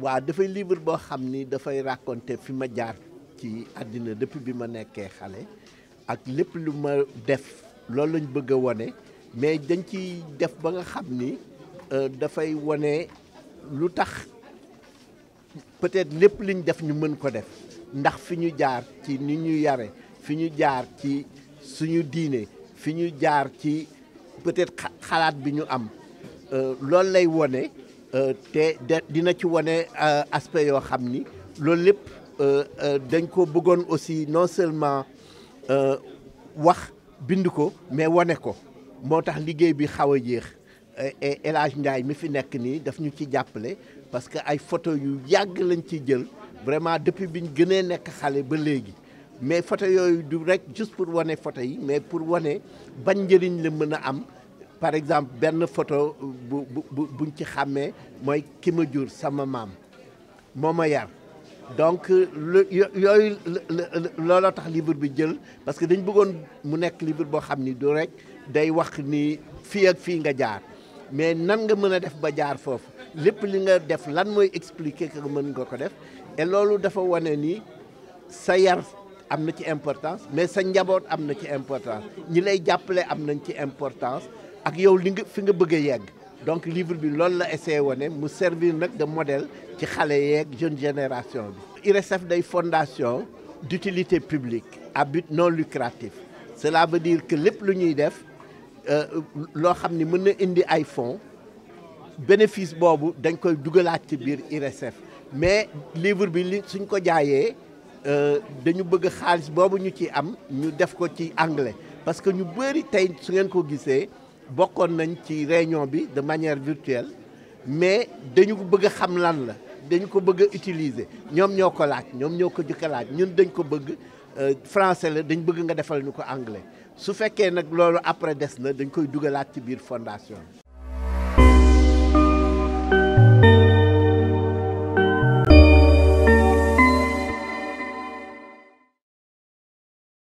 waa dafay livre boo xam ni dafay raconter fi ma jaar ci àddina depuis bi ma nekkee xale ak lépp lu ma def loolu lañ bëgg a wone mais dañ ci def ba nga xam ni euh, dafay wone lu tax peut-être lépp liñ def ñu mën ko def ndax fi ñu jaar ci ni ñu yare fi ñu jaar ci suñu diine fi ñu jaar ci peut-être xalaat bi ñu am euh, loolu lay wone Euh, de dina ci wane euh, aspect yo xamni ni loolu euh, dañ ko bëggone aussi non seulement wax bind ko mais woné ko motax liggéey bi xawa jeex et El Hadj Ndiaye mi fi nek ni daf ñu ci jàppale parce que ay photo yu yag lañ ci jël vraiment depuis biñu gëné nek xalé ba légui mais photo yoyu du rek juste pour wane photo yi mais pour wane bañ jëriñ la mëna am par exemple benn photo bu bu buñ ci xàmmee mooy ma sama donc lu yooyu tax livre bi parce que dañ bëggoon mu nekk livre boo xam ni rek day wax ni ak mais nan nga mën def ba jaar foofu def lan expliquer que mën nga def et loolu dafa ni sa yar am importance mais sa njaboot am importance ñi lay importance ak yow li nga fi nga bëgg a yegg donc livre bi loolu la essayé wone mu servir nag de modèle ci xale yeeg jeune génération bi IRSF day fondation d'utilité publique à but non lucratif cela veut dire que lépp lu ñuy def euh, loo xam ni mën na indi ay fonds bénéfice boobu dañ koy dugalaat ci biir IRSF mais livre bi li suñ ko jaayee euh, dañu bëgg xaalis boobu ñu ci am ñu def ko ci anglais parce que ñu bëri tey su ngeen ko gisee bokkoon nañ ci réunion bi de manière virtuelle mais dañu bëgg a xam lan la dañu ko bëgg a utiliser ñoom ñoo laaj ñoom ñoo ko laaj ñun dañ ko bëgg euh, français la dañ bëgg nga defal ñu anglais su fekkee nag loolu après des na dañ koy dugalaat ci biir fondation